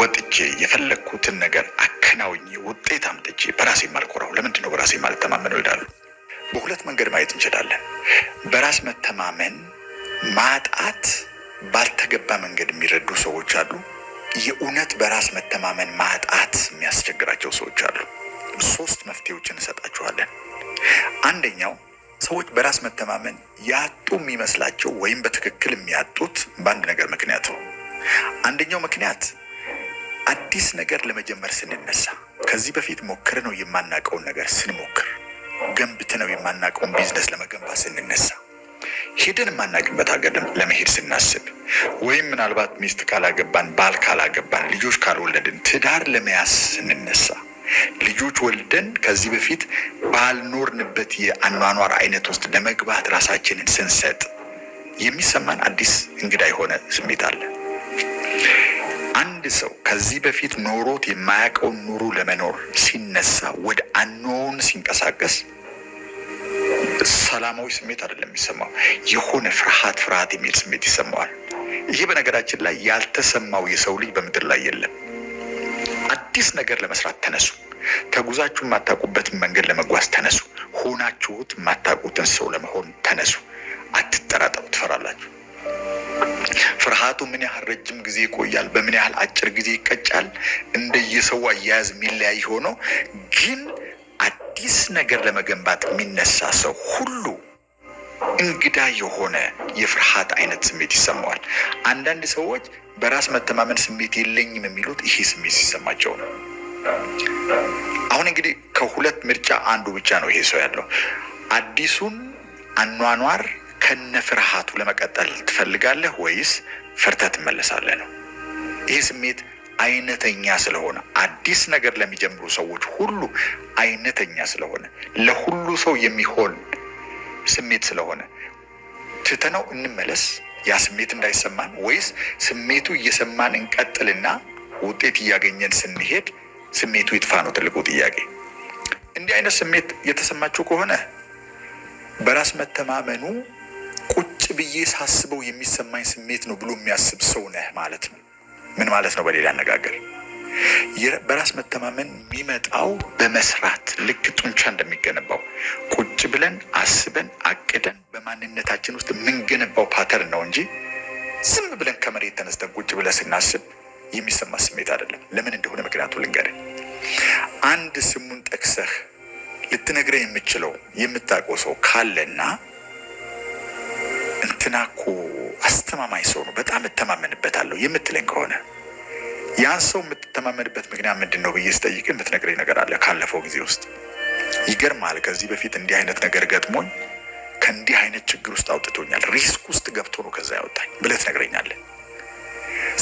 ወጥቼ የፈለግኩትን ነገር አከናውኝ ውጤት አምጥቼ በራሴ ማልኮራው ለምንድን ነው በራሴ ማልተማመነው? ይላሉ። በሁለት መንገድ ማየት እንችላለን። በራስ መተማመን ማጣት ባልተገባ መንገድ የሚረዱ ሰዎች አሉ። የእውነት በራስ መተማመን ማጣት የሚያስቸግራቸው ሰዎች አሉ። ሶስት መፍትሄዎችን እንሰጣችኋለን። አንደኛው ሰዎች በራስ መተማመን ያጡ የሚመስላቸው ወይም በትክክል የሚያጡት በአንድ ነገር ምክንያት ነው። አንደኛው ምክንያት አዲስ ነገር ለመጀመር ስንነሳ ከዚህ በፊት ሞክር ነው የማናውቀውን ነገር ስንሞክር፣ ገንብት ነው የማናውቀውን ቢዝነስ ለመገንባት ስንነሳ፣ ሄደን የማናውቅበት ሀገር ለመሄድ ስናስብ፣ ወይም ምናልባት ሚስት ካላገባን፣ ባል ካላገባን፣ ልጆች ካልወለድን፣ ትዳር ለመያዝ ስንነሳ ልጆች ወልደን ከዚህ በፊት ባልኖርንበት የአኗኗር አይነት ውስጥ ለመግባት ራሳችንን ስንሰጥ የሚሰማን አዲስ እንግዳ የሆነ ስሜት አለ። አንድ ሰው ከዚህ በፊት ኖሮት የማያውቀውን ኑሮ ለመኖር ሲነሳ፣ ወደ አኖውን ሲንቀሳቀስ ሰላማዊ ስሜት አይደለም የሚሰማው፣ የሆነ ፍርሃት ፍርሃት የሚል ስሜት ይሰማዋል። ይሄ በነገራችን ላይ ያልተሰማው የሰው ልጅ በምድር ላይ የለም። አዲስ ነገር ለመስራት ተነሱ። ተጉዛችሁ የማታውቁበትን መንገድ ለመጓዝ ተነሱ። ሆናችሁት የማታውቁትን ሰው ለመሆን ተነሱ። ያህል ረጅም ጊዜ ይቆያል፣ በምን ያህል አጭር ጊዜ ይቀጫል፣ እንደየሰው አያያዝ የሚለያይ ሆኖ ግን አዲስ ነገር ለመገንባት የሚነሳ ሰው ሁሉ እንግዳ የሆነ የፍርሃት አይነት ስሜት ይሰማዋል። አንዳንድ ሰዎች በራስ መተማመን ስሜት የለኝም የሚሉት ይሄ ስሜት ሲሰማቸው ነው። አሁን እንግዲህ ከሁለት ምርጫ አንዱ ብቻ ነው ይሄ ሰው ያለው። አዲሱን አኗኗር ከነ ፍርሃቱ ለመቀጠል ትፈልጋለህ ወይስ ፈርታ ትመለሳለህ ነው። ይህ ስሜት አይነተኛ ስለሆነ አዲስ ነገር ለሚጀምሩ ሰዎች ሁሉ አይነተኛ ስለሆነ ለሁሉ ሰው የሚሆን ስሜት ስለሆነ ትተነው እንመለስ፣ ያ ስሜት እንዳይሰማን ወይስ ስሜቱ እየሰማን እንቀጥልና ውጤት እያገኘን ስንሄድ ስሜቱ ይጥፋ ነው ትልቁ ጥያቄ። እንዲህ አይነት ስሜት የተሰማችሁ ከሆነ በራስ መተማመኑ ብዬ ሳስበው የሚሰማኝ ስሜት ነው ብሎ የሚያስብ ሰው ነህ ማለት ነው። ምን ማለት ነው? በሌላ አነጋገር በራስ መተማመን የሚመጣው በመስራት ልክ ጡንቻ እንደሚገነባው ቁጭ ብለን አስበን አቅደን በማንነታችን ውስጥ የምንገነባው ፓተርን ነው እንጂ ዝም ብለን ከመሬት ተነስተን ቁጭ ብለን ስናስብ የሚሰማ ስሜት አይደለም። ለምን እንደሆነ ምክንያቱ ልንገር። አንድ ስሙን ጠቅሰህ ልትነግረህ የምችለው የምታውቀው ሰው ካለና መልክና እኮ አስተማማኝ ሰው ነው፣ በጣም እተማመንበታለሁ የምትለኝ ከሆነ ያን ሰው የምትተማመንበት ምክንያት ምንድን ነው ብዬ ስጠይቅ የምትነግረኝ ነገር አለ ካለፈው ጊዜ ውስጥ። ይገርማል። ከዚህ በፊት እንዲህ አይነት ነገር ገጥሞኝ ከእንዲህ አይነት ችግር ውስጥ አውጥቶኛል፣ ሪስክ ውስጥ ገብቶ ነው ከዛ ያወጣኝ ብለህ ትነግረኛለህ።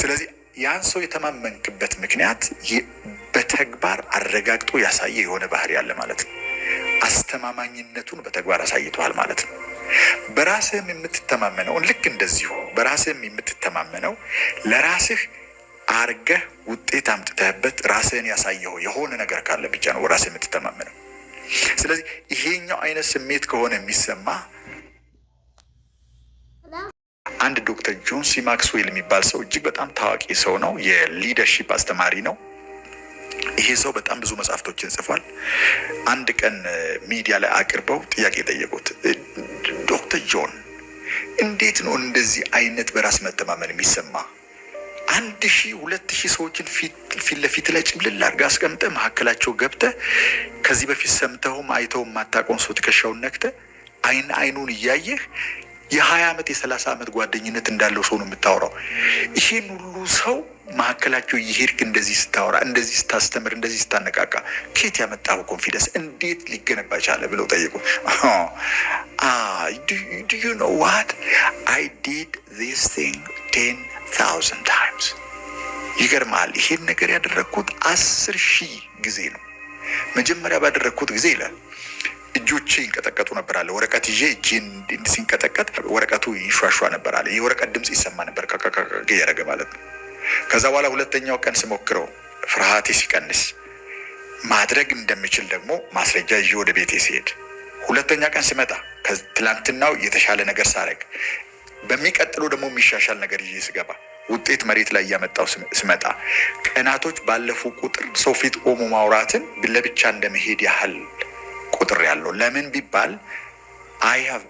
ስለዚህ ያን ሰው የተማመንክበት ምክንያት በተግባር አረጋግጦ ያሳየ የሆነ ባህሪ አለ ማለት ነው። አስተማማኝነቱን በተግባር አሳይተዋል ማለት ነው። በራስህም የምትተማመነውን ልክ እንደዚሁ በራስህም የምትተማመነው ለራስህ አርገህ ውጤት አምጥተህበት ራስህን ያሳየው የሆነ ነገር ካለ ብቻ ነው ራስህ የምትተማመነው። ስለዚህ ይሄኛው አይነት ስሜት ከሆነ የሚሰማ አንድ ዶክተር ጆን ሲ ማክስዌል የሚባል ሰው እጅግ በጣም ታዋቂ ሰው ነው። የሊደርሺፕ አስተማሪ ነው። ይሄ ሰው በጣም ብዙ መጽሐፍቶችን ጽፏል። አንድ ቀን ሚዲያ ላይ አቅርበው ጥያቄ የጠየቁት ዶክተር ጆን እንዴት ነው እንደዚህ አይነት በራስ መተማመን የሚሰማ አንድ ሺ ሁለት ሺህ ሰዎችን ፊት ለፊት ላይ ጭምልል አድርገህ አስቀምጠ መካከላቸው ገብተ ከዚህ በፊት ሰምተውም አይተውም ማታቆን ሰው ትከሻውን ነክተ አይን አይኑን እያየህ የሀያ ዓመት የሰላሳ ዓመት ጓደኝነት እንዳለው ሰው ነው የምታወራው። ይሄን ሁሉ ሰው መካከላቸው እየሄድክ እንደዚህ ስታወራ፣ እንደዚህ ስታስተምር፣ እንደዚህ ስታነቃቃ ኬት ያመጣው ኮንፊደንስ እንዴት ሊገነባ ቻለ ብለው ጠይቁ። ዩ ኖ ዋት አይ ዲድ ዚስ ቲንግ ቴን ታውዘንድ ታይምስ። ይገርማል። ይሄን ነገር ያደረግኩት አስር ሺህ ጊዜ ነው መጀመሪያ ባደረግኩት ጊዜ ይላል እጆቼ ይንቀጠቀጡ ነበራለ። ወረቀት ይዤ እጄ ሲንቀጠቀጥ ወረቀቱ ይሿሿ ነበራለ። የወረቀት ድምፅ ይሰማ ነበር እያደረገ ማለት ነው። ከዛ በኋላ ሁለተኛው ቀን ስሞክረው ፍርሃቴ ሲቀንስ ማድረግ እንደምችል ደግሞ ማስረጃ ይዤ ወደ ቤቴ ሲሄድ፣ ሁለተኛ ቀን ስመጣ ከትላንትናው የተሻለ ነገር ሳረግ፣ በሚቀጥሉ ደግሞ የሚሻሻል ነገር ይዤ ስገባ ውጤት መሬት ላይ እያመጣው ስመጣ ቀናቶች ባለፉ ቁጥር ሰው ፊት ቆሞ ማውራትን ለብቻ እንደመሄድ ያህል ቁጥር ያለው ለምን ቢባል አይ ሃቭ